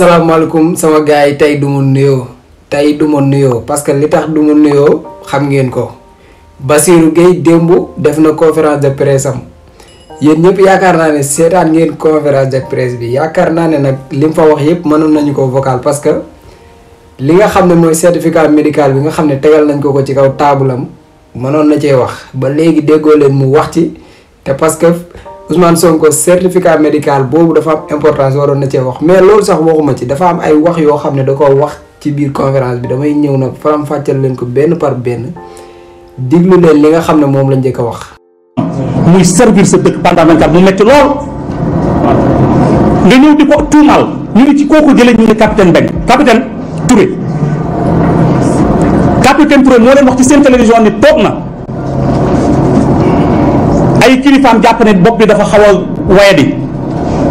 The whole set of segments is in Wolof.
asalaamaaleykum sama gars yi tey du ma nuyoo tey du ma nuyoo parce que li tax du ma nuyoo xam ngeen ko Bassirou Gueye démb def na conférence de presse yéen ñëpp yaakaar naa ne seetaan ngeen conférence de bi yaakaar naa ne nag li mu fa wax yëpp mënoon nañu ko vocal parce que li nga xam ne mooy certificat médical bi nga xam ne tegal nañ ko ko ci kaw taabulam mënoon na cee wax ba léegi déggoo leen mu wax ci te parce Ousmane Sonko certificat médical boobu dafa am importance waroon na cee wax mais loolu sax waxuma ci dafa am ay wax yoo xam ne da ko wax ci biir conférence bi damay ñëw nag faram fàccal leen ko benn par benn diglu leen li nga xam ne moom la njëkk a wax. muy servir sa dëkk pendant 24 mu metti lool nga ñëw di ko tuumaal ñu ngi ci kooku jëlee ñu ne capitaine Mbengue capitaine Touré capitaine Touré moo leen wax ci seen télévision ni toog na. ay kilifaam jàpp ne bopp bi dafa xaw a wayadi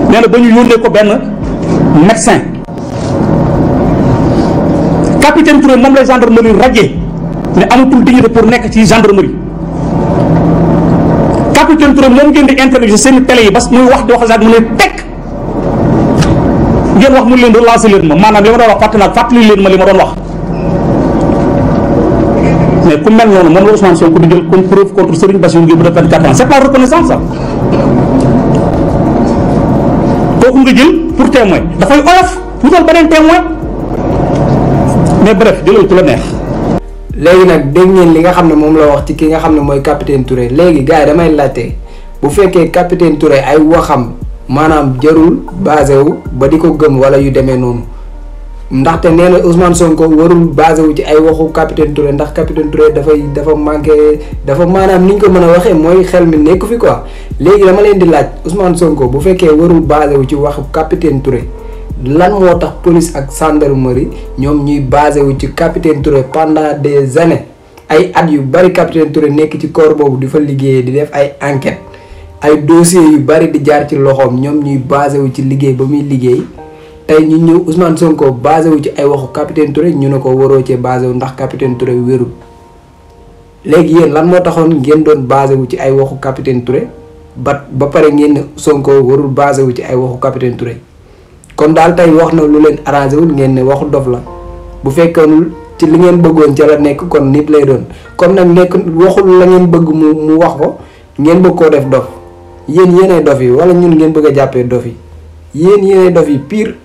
nee na ba ñu yónnee ko benn médecin capitaine Touré moom la gendarmerie radié ne amatul dignité pour nekk ci gendarmerie capitaine Touré moom ngeen di interroger seen télé yi bas muy wax di wax ak mu ne tekk ngeen wax mu leen relancer leen ma maanaam li ma doon wax fàttali naa fàttali leen ma li ma doon wax. ne ku mel noonu moom la Ousmane Sonko di jël comme preuve contre Serigne Bassirou Guèye bu def 24 ans c'est pas reconnaissance ça kooku nga jël pour témoin dafay oyof wutal beneen témoin mais bref jëlal ku la neex. léegi nag dégg ngeen li nga xam ne moom la wax ci ki nga xam ne mooy capitaine Touré léegi gars yi damay laajte bu fekkee capitaine Touré ay waxam maanaam jarul basé wu ba di ko gëm wala yu demee noonu. ndaxte nee na Ousmane Sonko warul basé wu ci ay waxu capitaine Touré ndax capitaine Touré dafay dafa manqué dafa maanaam ni ñu ko mën a waxee mooy xel mi nekk fi quoi léegi dama leen di laaj Ousmane Sonko bu fekkee warul basé ci waxu capitaine Touré lan moo tax police ak gendarmerie ñoom ñuy basé wu ci capitaine Touré pendant des années ay at yu bari capitaine Touré nekk ci corps boobu di fa liggéeyee di def ay enquête ay dossiers yu bari di jaar ci loxoom ñoom ñuy basé wu ci liggéey ba muy liggéey. tey ñu ñëw Ousmane Sonko basé wu ci ay waxu capitaine Touré ñu ne ko waroo cee basé wu ndax capitaine Touré wérul léegi yéen lan moo taxoon ngeen doon basé wu ci ay waxu capitaine Touré ba ba pare ngeen ne Sonko warul basé wu ci ay waxu capitaine Touré kon daal tey wax na lu leen arrangé wul ngeen ne waxu dof la bu fekkoon ci li ngeen bëggoon ca la nekk kon nit lay doon comme nag nekk waxul la ngeen bëgg mu mu wax ko ngeen bëgg koo def dof yéen yéenay dof yi wala ñun ngeen bëgg a jàppee dof yi yéen yéenay dof yi pire.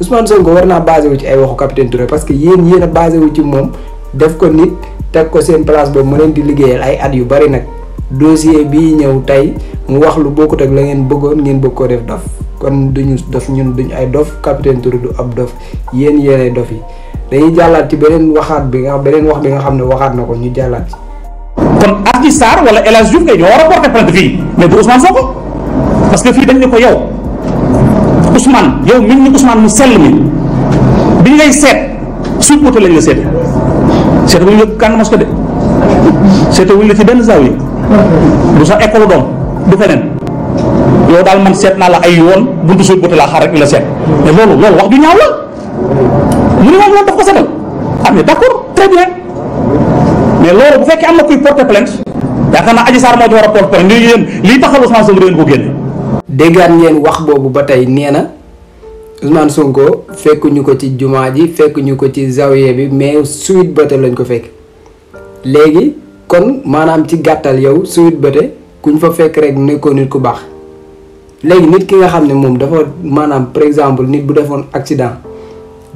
Ousmane Sonko war naa basé wu ci ay waxu capitaine Touré parce que yéen yéen a basé wu ci moom def ko nit teg ko seen place boobu ma leen di liggéeyal ay at yu bari nag dossier bii ñëw tey mu wax lu bokkut ak la ngeen bëggoon ngeen bëgg koo def dof kon duñu dof ñun duñu ay dof capitaine Touré du ab dof yéen yéenay dof yi dañuy jàllaat ci beneen waxaat bi nga xam beneen wax bi nga xam ne waxaat na ko ñu jàllaat ci. kon Adji Sarr wala El Hadj Diouf kay ñoo war a porter plainte fii que fii dañ ne Ousmane yow min ni Ousmane mu sel mi bi ngay set suuf wuta lañ la set seet wuñ kan mos ko de set wuñ la ci ben zawi bu sa école doom du fenen yow dal man set na la ay yoon buntu suuf wuta laa xaar rek la set mais lolu lolu wax du ñaaw la mu ne moom loolu ko ah mais très bien mais lolu bu fekkee am na kuy porter plainte yaakaar aji sar mo do war porter plainte lii yéen lii taxal Ousmane ko génne déggaat ngeen wax boobu ba tey nee na Ousmane Sonko fekkuñu ko ci jumaa ji fekkuñu ko ci zawiya bi mais Sweet Beauté lañ ko fekk léegi kon maanaam ci gàttal yow Sweet Beauté kuñ fa fekk rek nekkoo nit ku baax léegi nit ki nga xam ne moom dafa maanaam par exemple nit bu defoon accident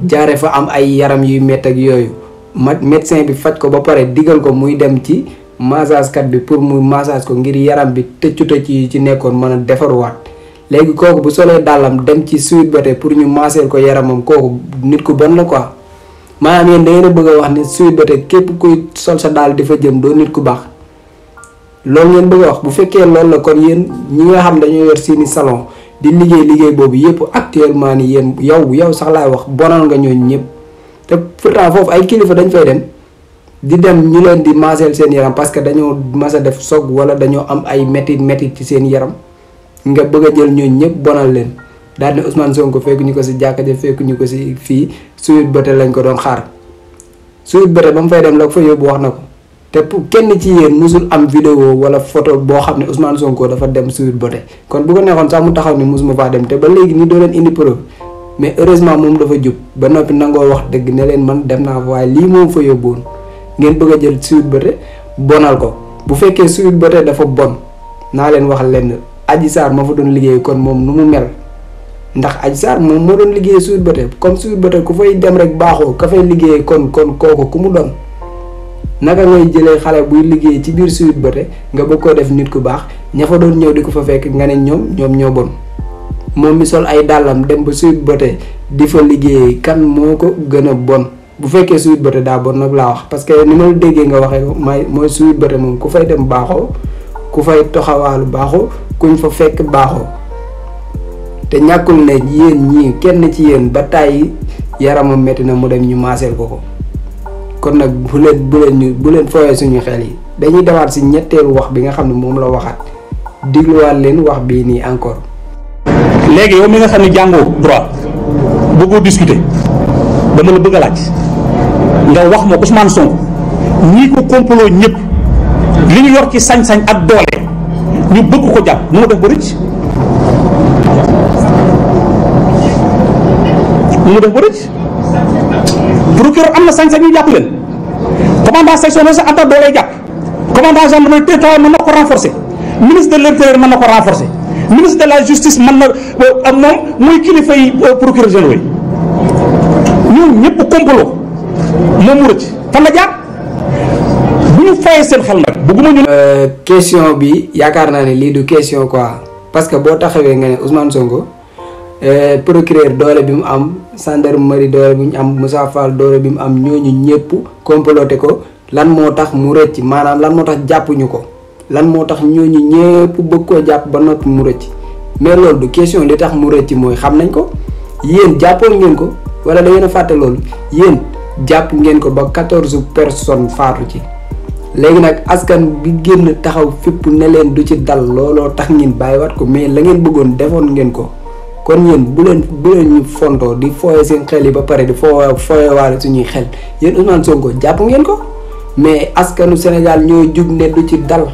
jaare fa am ay yaram yuy métt ak yooyu ma médecin bi faj ko ba pare digal ko muy dem ci massage kat bi pour muy massage ko ngir yaram bi tëccu tëcc yi ci nekkoon mën a defaruwaat léegi kooku bu solee daalam dem ci suite beauté pour ñu masser ko yaramam kooku nit ku bon la quoi maanaam yéen da ngeen wax ne suite beauté képp kuy sol sa dàll di fa jëm doo ku baax loolu ngeen bëgg a wax bu fekkee loolu la kon yéen ñi nga xam dañoo yor seeni salon di liggéey liggéey boobu yëpp actuellement ni yéen yow yow sax laay wax bonal nga ñooñu ñëpp te pourtant foofu ay kilifa dañ fay dem di dem ñu leen di masser seen yaram parce que dañoo mas a def sog wala dañoo am ay métit métit ci seen yaram nga bëgg a jël ñooñu ñëpp bonal leen daal ne Ousmane Sonko fekk ñu ko si jàkk ja fekk ñu ko si fii suyut bëte lañ ko doon xaar suyut bëte ba mu fay dem la ko fa yóbbu wax na ko te kenn ci yéen musul am vidéo wala photo boo xam ne Ousmane Sonko dafa dem suyut bëte kon bu ko neexoon sax mu taxaw ni musuma faa dem te ba léegi ni doo leen indi preuve mais heureusement moom dafa jub ba noppi nangoo wax dëgg ne leen man dem naa fa waaye lii moom fa yóbbuwoon ngeen bëgg a jël suyut bëte bonal ko bu fekkee suyut bëte dafa bon naa leen wax lenn Adji Sarr moo fa doon liggéey kon moom nu mu mel ndax Adji Sarr moom moo doon liggéey Sweet Beauté comme Sweet Beauté ku fay dem rek baaxoo ka fay liggéey kon kon kooku ku mu doon naka ngay jëlee xale buy liggéey ci biir Sweet Beauté nga bëgg koo def nit ku baax ña fa doon ñëw di ko fa fekk nga ne ñoom ñoom ñoo bon moom mi sol ay dàllam dem ba Sweet Beauté di fa liggéey kan moo ko gën a bon bu fekkee Sweet Beauté daa bon nag laa wax parce que ni ma la déggee nga waxee may mooy Sweet Beauté moom ku fay dem baaxoo ku fay toxawaalu baaxu kuñ fa fekk baaxoo te ñàkkul ne yéen ñii kenn ci yéen ba tàyyi yaramam metti na mu dem ñu maaseel ko ko kon nag bu leen bu leen ñu suñu xel yi dañuy demaat si ñetteelu wax bi nga xam ne moom la waxaat digluwaat leen wax bii nii encore. léegi yow mi nga xam ne jàngoo droit bëggoo discuter dama la bëgg laaj nga wax ma Ousmane Sonko ñii ko complot ñëpp. li ñu yor ci sañ-sañ ak doole ñu bëgg ko jàpp mu def ba rëcc mu def ba rëcc procureur am na sañ-sañ ñu jàpp leen commandant section sa atta doole jàpp commandant gendarmerie territoire mën na ko renforcer ministre de l'intérieur mën na ko renforcer ministre de la justice mën na euh, moom muy kilifa yi euh, procureur général yi ñoom ñëpp complot moom mu rëcc fan la jaar bu ñu fayee seen xel nag bëgguma euh, question bi yaakaar naa ne lii du question quoi parce que boo taxawee nga ne Ousmane Sonko euh, procureur doole bi mu am gendarmerie doole bi mu am Moussa Fall doole bi mu am ñooñu ñëpp comploté ko lan moo tax mu rëcc maanaam lan moo tax jàppuñu ko lan moo tax ñooñu ñëpp bëgg koo jàpp ba noppi mu rëcc mais loolu du question li tax mu rëcc mooy xam nañ ko yéen jàppoon ngeen ko wala da ngeen a fàtte loolu yéen jàpp ngeen ko ba quatorze personnes faatu ci. léegi nag askan bi génn taxaw fépp ne leen du ci dal looloo tax ngeen bàyyi wat ko mais la ngeen bëggoon defoon ngeen ko kon yéen bu leen bu leen ñu fontoo di fooye seen xel yi ba pare di fooye fooyewaale suñuy xel yéen Ousmane ko jàpp ngeen ko mais askanu Sénégal ñoo jug ne du ci dal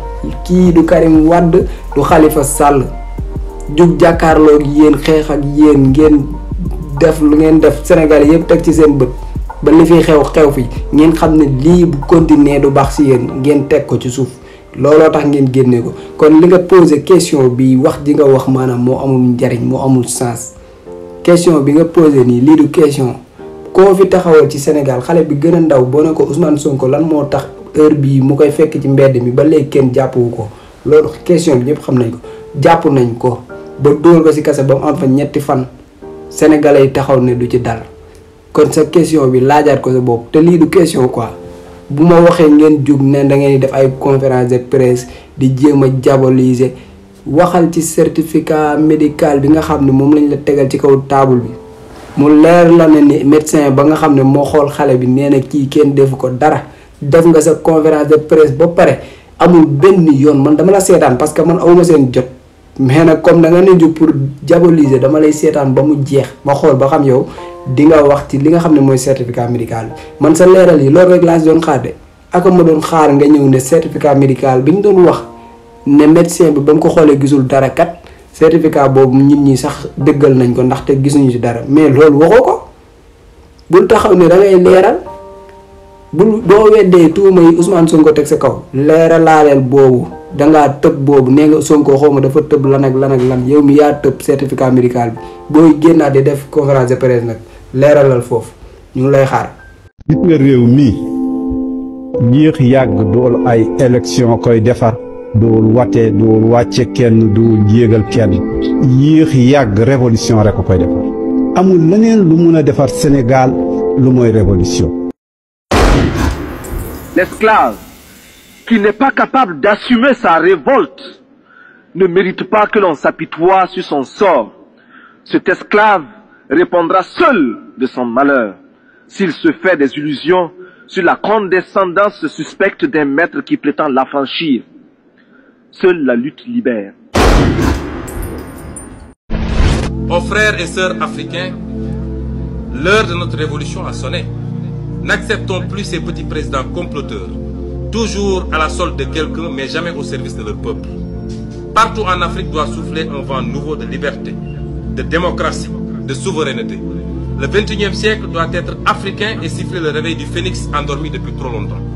kii du Karim Wade du xalifa sàll jug jàkkaarloo ak yéen xeex ak yéen ngeen def lu ngeen def Sénégal yëpp teg ci seen bët. ba li fi xew xew fi ngeen xam ne lii bu continuer du baax si yéen ngeen teg ko ci suuf looloo tax ngeen génne ko kon li nga posé question bi wax ji nga wax maanaam moo amul njariñ moo amul sens question bi nga posé nii lii du question koo fi taxawal ci Sénégal xale bi gën a ndaw boo ne ko Ousmane Sonko lan moo tax heure bii mu koy fekk ci mbedd mi ba léegi kenn jàppuwu ko loolu question bi ñëpp xam nañ ko jàpp nañ ko ba dóor ko si kase ba mu am fa ñetti fan sénégalais yi taxaw ne du ci dal kon sa question bi laajaat ko sa bopp te lii du question quoi bu ma waxee ngeen jóg ne da ngeen def ay conférence de presse di jéem a diaboliser waxal ci certificat médical bi nga xam ne moom lañ la tegal ci kaw taabul bi mu leer la ne ni médecin ba nga xam ne moo xool xale bi nee na kii kenn defu ko dara def nga sa conférence de presse ba pare amul benn yoon man dama la seetaan parce que man awma seen jot mais nag comme da nga ne jóg pour diaboliser dama lay seetaan ba mu jeex ma xool ba xam yow di nga wax ci li nga xam ne mooy certificat médical bi man sa leeral yi loolu rek laa si doon xaar de ak ma doon xaar nga ñëw ne certificat médical bi ñu doon wax ne médecin bi ba mu ko xoolee gisul dara kat certificat boobu nit ñi sax dëggal nañ ko ndaxte gisuñu ci dara mais loolu waxoo ko bul taxaw ne da ngay leeral bul boo weddee tuuma yi Ousmane ko teg sa kaw leeralaaleel boobu dangaa tëb boobu nee nga Sonko xaw ma dafa tëb lan ak lan ak lan yow mi yaa tëb certificat médical bi booy génnaat di def conférence de presse leralal foofu ñu lay xaar. nit nga réew mi yéex yàgg dool ay élection koy defar dool watee dool wàcce kenn dool yéegal kenn yéex yàgg révolution rek koy defar amul leneen lu mun a defar Sénégal lu mooy révolution. L'esclave qui n'est pas capable d'assumer sa révolte ne mérite pas que l'on s'apitoie sur son sort. Cet esclave répondra seul de son malheur s'il se fait des illusions sur la condescendance suspecte d'un maître qui prétend l'affranchir. Seule la lutte libère. Aux frères et sœurs africains, l'heure de notre révolution a sonné. N'acceptons plus ces petits présidents comploteurs, toujours à la solde de quelqu'un mais jamais au service de leur peuple. Partout en Afrique doit souffler un vent nouveau de liberté, de démocratie, de souveraineté. Le 21e siècle doit être africain et siffler le réveil du phénix endormi depuis trop longtemps.